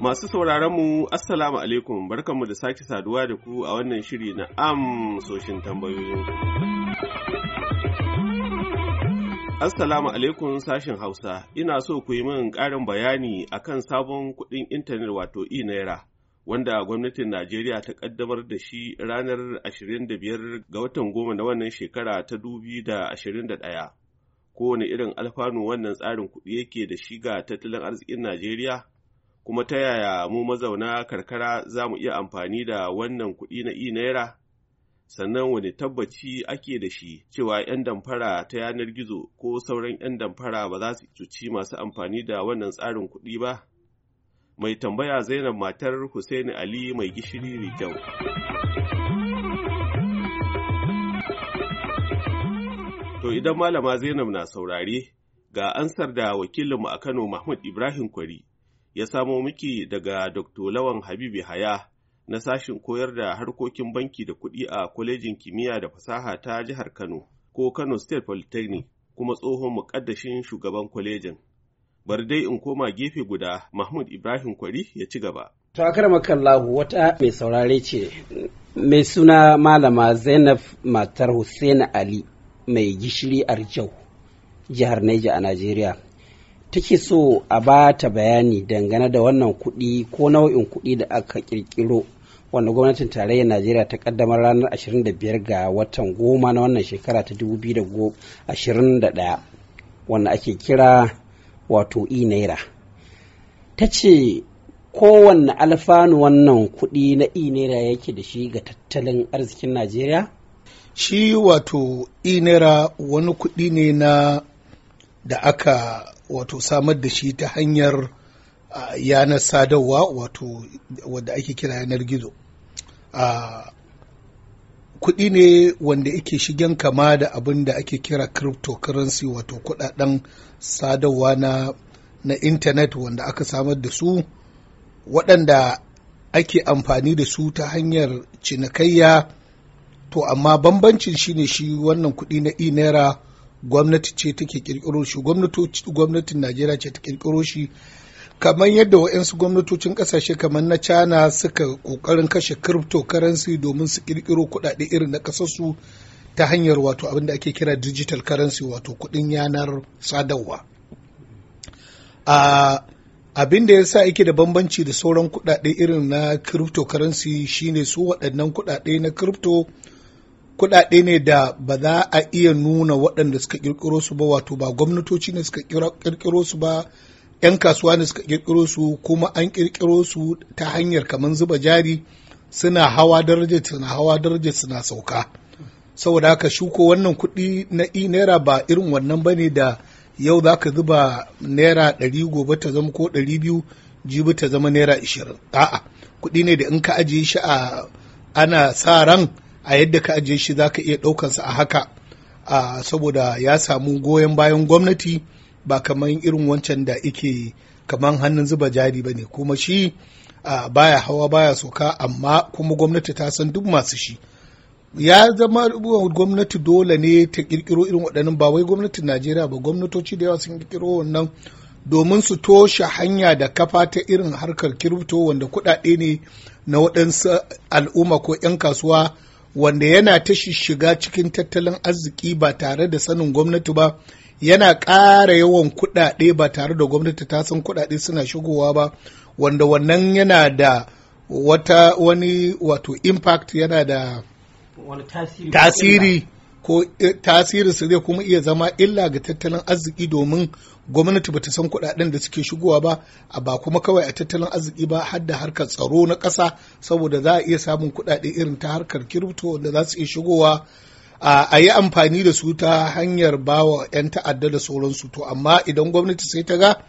Masu sauraronmu, Assalamu alaikum, barkanmu da sake saduwa da ku a wannan shiri na amsoshin tambayoyin. Assalamu alaikum sashin Hausa, ina so ku yi min ƙarin bayani akan sabon kuɗin intanet wato e-naira. Wanda gwamnatin Najeriya ta ƙaddamar da shi ranar 25 ga watan goma na wannan shekara ta 2021. Kowane irin alfanu wannan tsarin kuɗi yake da shi ga tattalin arzikin Najeriya? kuma ta yaya mu mazauna karkara za mu iya amfani da wannan kuɗi na i naira sannan wani tabbaci ake da shi cewa 'yan damfara ta yanar gizo ko sauran 'yan damfara ba za su cuci masu amfani da wannan tsarin kuɗi ba mai tambaya zainab matar Husaini ali mai gishiri kyau. to idan malama zainab na saurare ga ansar da wakilinmu a kano mahmud ibrahim kwari ya samo miki daga Dr. Lawan Habibu Haya na sashin koyar da harkokin banki da kuɗi a kwalejin kimiyya da fasaha ta jihar Kano ko Kano State Polytechnic kuma tsohon muƙaddashin shugaban kwalejin. Bari dai in koma gefe guda Mahmud Ibrahim Kwari ya ci gaba. To a wata mai saurare ce mai suna malama Zainab matar Hussein Ali mai gishiri Arjau jihar Neja a Najeriya. take so a ba ta bayani dangane da wannan kuɗi ko nau'in kuɗi da aka ƙirƙiro wanda gwamnatin tarayyar najeriya ta kaddamar ranar 25 ga watan goma na wannan shekara ta 2021 wanda ake kira wato e naira ta ce kowanne alfanu wannan kuɗi na e naira yake da shi ga tattalin arzikin najeriya shi wato e naira wani kuɗi ne na da aka wato samar da shi ta hanyar yanar sadarwa wato wadda ake kira yanar gizo kuɗi ne wanda ake shigen kama da abin da ake kira cryptocurrency wato kuɗaɗen sadarwa na na intanet wanda aka samar da su waɗanda ake amfani da su ta hanyar cinikayya to amma bambancin shine shi wannan kuɗi na e-naira gwamnati ce take kirkiro shi gwamnatin najeriya ce ta kirkiro shi kamar yadda waɗansu gwamnatocin kasashe kamar na china suka ƙoƙarin kashe cryptocurrency domin su ƙirƙiro kuɗaɗe irin na kasarsu ta hanyar wato abin da ake kira digital currency wato kuɗin yanar sadarwa a abin da ya sa ake da bambanci da sauran kuɗaɗe irin na cryptocurrency shine su waɗannan kuɗaɗe na crypto kuɗaɗe ne da ba za a iya nuna waɗanda suka ƙirƙiro su ba wato ba gwamnatoci ne suka ƙirƙiro su ba 'yan kasuwa ne suka ƙirƙiro su kuma an ƙirƙiro su ta hanyar kamar zuba jari suna hawa daraja suna hawa daraja suna sauka saboda haka shuko wannan kuɗi na i naira ba irin wannan bane da yau za ka zuba naira ɗari gobe ta zama ko ɗari biyu jibi ta zama naira ashirin a'a kuɗi ne da in ka ajiye shi a ana sa ran a yadda ka ajiye shi za ka iya ɗaukansa a haka saboda ya samu goyon bayan gwamnati ba kamar irin wancan da ike kamar hannun zuba jari ba ne kuma shi baya hawa baya soka amma kuma gwamnati ta san duk masu shi ya zama gwamnati dole ne ta kirkiro irin waɗannan ba wai gwamnatin najeriya ba gwamnatoci da yawa sun kirkiro wannan domin su toshe hanya da kafa ta irin harkar kirifto wanda kuɗaɗe ne na waɗansu al'umma ko 'yan kasuwa wanda yana ta shiga cikin tattalin arziki ba tare da sanin gwamnati ba yana ƙara yawan kuɗaɗe ba tare da gwamnati ta san kuɗaɗe suna shigowa ba wanda wannan yana da wata wani wato impact yana da tasiri ko eh, tasiri su zai kuma iya zama illa ga tattalin arziki domin gwamnati bata san kuɗaɗen da suke shigowa ba a ba kuma kawai a tattalin arziki ba har da harkar tsaro na ƙasa saboda za a iya samun kuɗaɗe irin ta harkar kirifto wanda za su iya shigowa a yi amfani da su ta hanyar bawa 'yan ta'adda da sauransu to amma idan gwamnati sai ta ga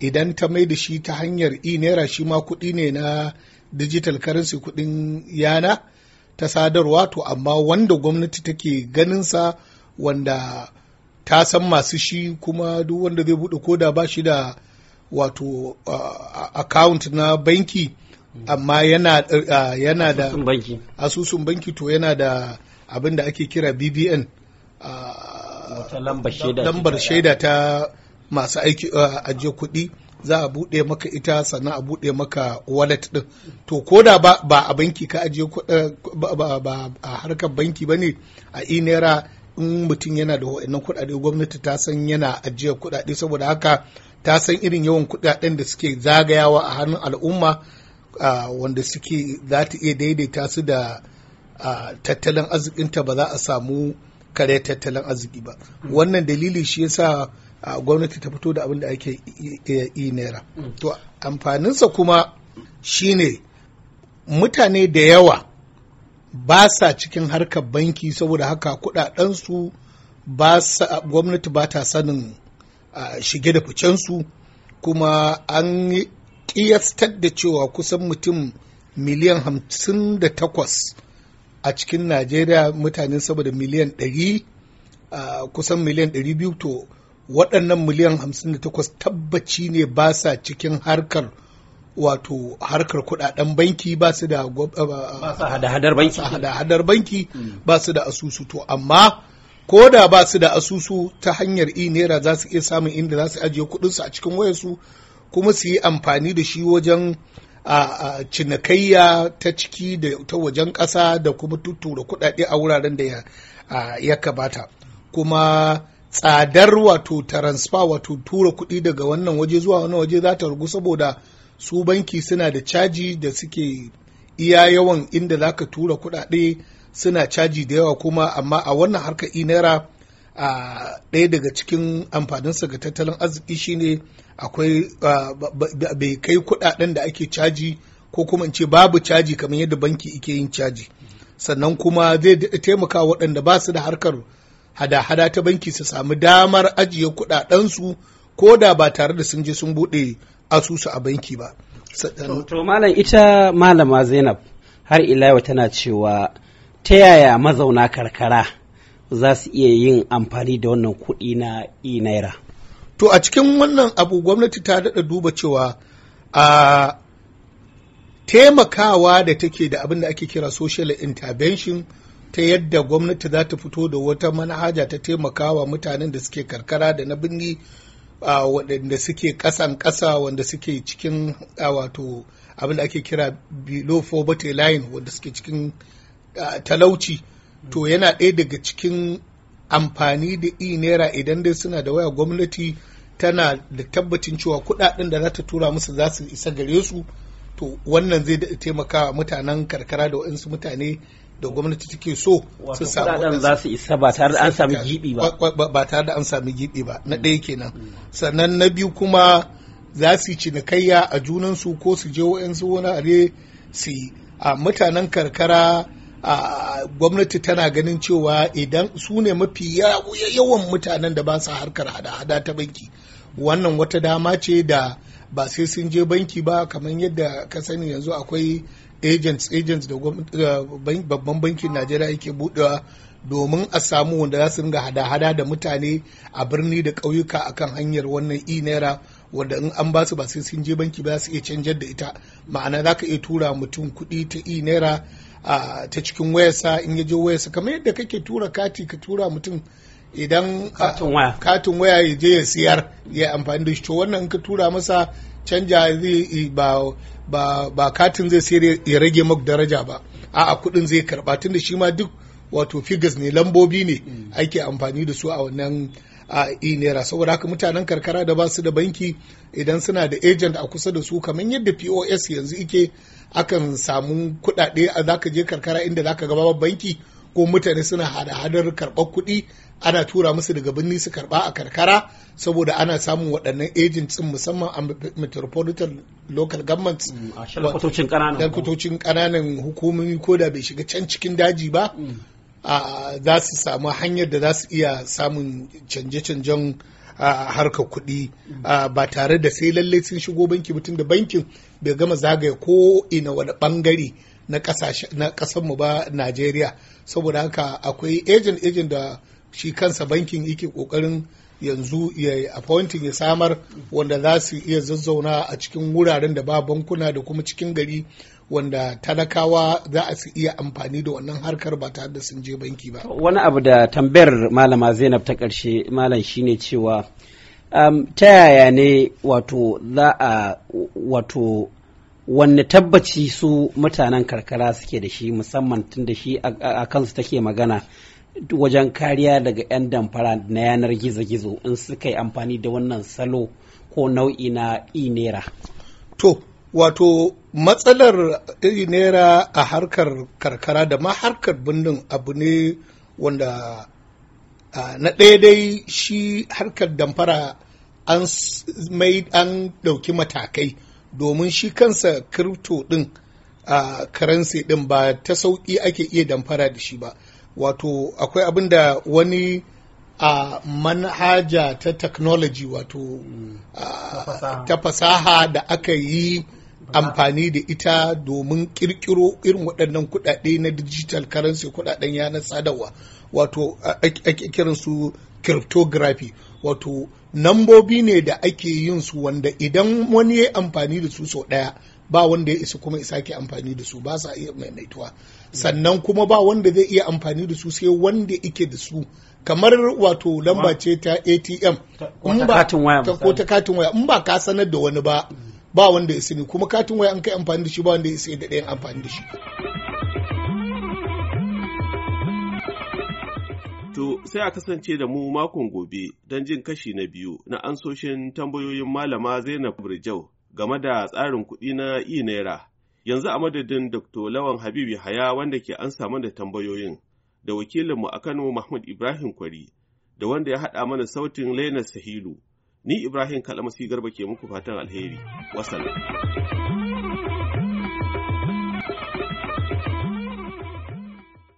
idan ta mai da shi ta hanyar e naira shi ma kuɗi ne na digital currency kuɗin yana ta sadarwa to amma wanda gwamnati take ganin sa wanda ta san masu shi kuma duk wanda zai buɗe koda ba shi da wato uh, account na banki amma yana, uh, yana da asusun banki to yana da abin da ake kira bbn lambar shaida ta masu aiki ajiye kuɗi za a buɗe maka ita sannan a buɗe maka wallet ɗin to ko da ba a banki ka ajiye ba a harkar banki ba ne a inera in mutum yana da wa'annan kuɗaɗe gwamnati ta san yana ajiyar kuɗaɗe saboda haka ta san irin yawan kuɗaɗen da suke zagayawa a hannun al'umma wanda suke za ta iya daidaita su da tattalin arzikinta ba za a samu kare tattalin arziki ba hmm. wannan dalili shi yasa gwamnati ta fito da abin da ake yi naira hmm. to amfaninsa kuma shine mutane da yawa ba sa cikin harkar banki saboda haka kudadensu gwamnati ba ta sanin shige da ficensu kuma an kiyastar da cewa kusan mutum miliyan hamsin da takwas a cikin najeriya mutane saboda miliyan ɗari kusan miliyan ɗari biyu to waɗannan miliyan hamsin da takwas tabbaci ne ba sa cikin harkar wato harkar kudaden banki ba su da hada-hadar banki hmm. ba su da asusu to amma ko da ba su da asusu ta hanyar i naira za su iya samun inda za su ajiye kudinsu a cikin wayarsu kuma su yi amfani da shi wajen a cinikayya ta ciki da ta wajen ƙasa da kuma tuttura kudade a wuraren da ya kabata kuma tsadar wato transfer wato tura kuɗi daga wannan waje zuwa wannan waje za ta rugu saboda su banki suna da caji da suke iya yawan inda za ka tura kuɗaɗe suna caji da yawa kuma amma a wannan harka naira a ɗaya daga cikin amfaninsa ga tattalin arziki shine akwai bai kai kuɗaɗen da ake caji ko kuma in ce babu caji kamar yadda banki ike yin caji sannan kuma zai taimaka waɗanda ba su da harkar hada-hada ta banki su samu damar ajiye kuɗaɗensu ko da ba tare da sun je sun bude asusu a banki ba. To malam ita malama Zainab har ila tana cewa ta yaya mazauna karkara za su iya yin amfani da wannan kuɗi na e naira. To a cikin wannan abu gwamnati ta dada duba cewa a taimakawa da take da abin da ake kira social intervention ta yadda gwamnati za ta fito da wata manhaja ta taimakawa mutanen da suke karkara da na birni uh, waɗanda suke ƙasan ƙasa wanda suke cikin uh, wato abin da ake kira below poverty line wanda suke cikin uh, talauci to yana ɗaya daga cikin amfani da e naira idan dai suna da waya gwamnati tana da tabbacin cewa kuɗaɗen da za ta tura musu za su isa gare su to wannan zai taimaka mutanen karkara da waɗansu mutane da gwamnati take so su samu za su isa ba tare da an sami gibi ba ba tare da an sami gibi ba na mm. ɗaya kenan mm. sannan na biyu kuma za su na cinikayya a junan su ko su je wa'yansu are su a mutanen karkara a gwamnati tana ganin cewa idan su ne mafi yawan mutanen da ba su harkar hada-hada ta banki wannan wata dama ce da ba sai sun je banki ba kamar yadda ka sani yanzu akwai agents agents da babban bankin najeriya yake budewa domin a samu wanda za su ringa hada-hada da mutane a birni da ƙauyuka akan hanyar wannan e naira wanda in an ba su ba sai sun je banki ba su iya canjar da ita ma'ana za ka iya tura mutum kuɗi ta e naira ta cikin wayarsa in ya je wayarsa kamar yadda kake tura kati ka tura mutum idan katin waya ya je ya siyar ya amfani da shi to wannan ka tura masa canja zai ba ba katin zai sai ya rage mak daraja ba a'a kuɗin zai karɓa tunda shi ma duk wato figures ne lambobi ne mm. ake amfani da su a wannan a naira saboda haka mutanen karkara da ba su da banki idan suna da agent a kusa da su kamar yadda pos yanzu ike akan samu kuɗaɗe a zaka je karkara inda zaka gaba banki ko mutane suna hada-hadar karɓar kuɗi ana tura musu daga birni su karba a karkara saboda ana samun waɗannan agentsin musamman a metropolitan local government mm, a kutocin ƙananan hukumomi ko da bai shiga can cikin daji ba mm. za su samu hanyar da za su iya samun canje-canjen harkar kuɗi mm. ba tare da sai lallai sun shigo banki mutum da bankin bai gama zagaya ko ina wani ɓangare na mu ba Najeriya saboda haka akwai agent agent da shi kansa bankin yake kokarin yanzu ya appointing ya samar wanda za su iya zazzauna a cikin wuraren da ba bankuna da kuma cikin gari wanda talakawa za a su iya amfani da wannan harkar ba tare da sun je banki ba wani abu da tambayar malama zainab ta ƙarshe malam shine cewa um, ta yaya ne wato za a wato wanne tabbaci su mutanen karkara suke da shi musamman tun da shi a kansu take magana wajen kariya daga 'yan damfara na yanar gizo-gizo in suka yi amfani da wannan salo ko nau'i na inera to wato matsalar inera a harkar karkara da ma harkar birnin abu ne wanda na ɗaya dai shi harkar damfara an mai an ɗauki matakai domin shi kansa kirto ɗin a karansi ɗin ba ta sauƙi ake iya damfara da shi ba wato akwai abin da wani a manhaja ta technology wato ta fasaha da aka yi amfani da ita domin kirkiro irin waɗannan kuɗaɗe na digital currency kuɗaɗen yanar sadarwa wato ake kiran su cryptography wato nambobi ne da ake yin su wanda idan wani ya amfani da su sau ɗaya ba wanda ya isa kuma ya sake amfani da su ba sa iya maimaituwa sannan kuma ba wanda zai iya amfani da su sai wanda ike da su kamar wato lamba ce ta atm ko ta katin waya in ba ka sanar da wani ba ba wanda ya sani kuma katin waya an kai amfani da shi ba wanda ya sai da ɗayan amfani da shi To sai a kasance da mu makon gobe don jin kashi na biyu na ansoshin tambayoyin malama Zainab Rijau game da tsarin kuɗi na e naira yanzu a madadin dr lawan habibu haya wanda ke an samu da tambayoyin da wakilinmu a kano mahmud ibrahim kwari da wanda ya haɗa mana sautin lainar sahilu ni ibrahim kalamasi garba ke muku fatan alheri Wasan.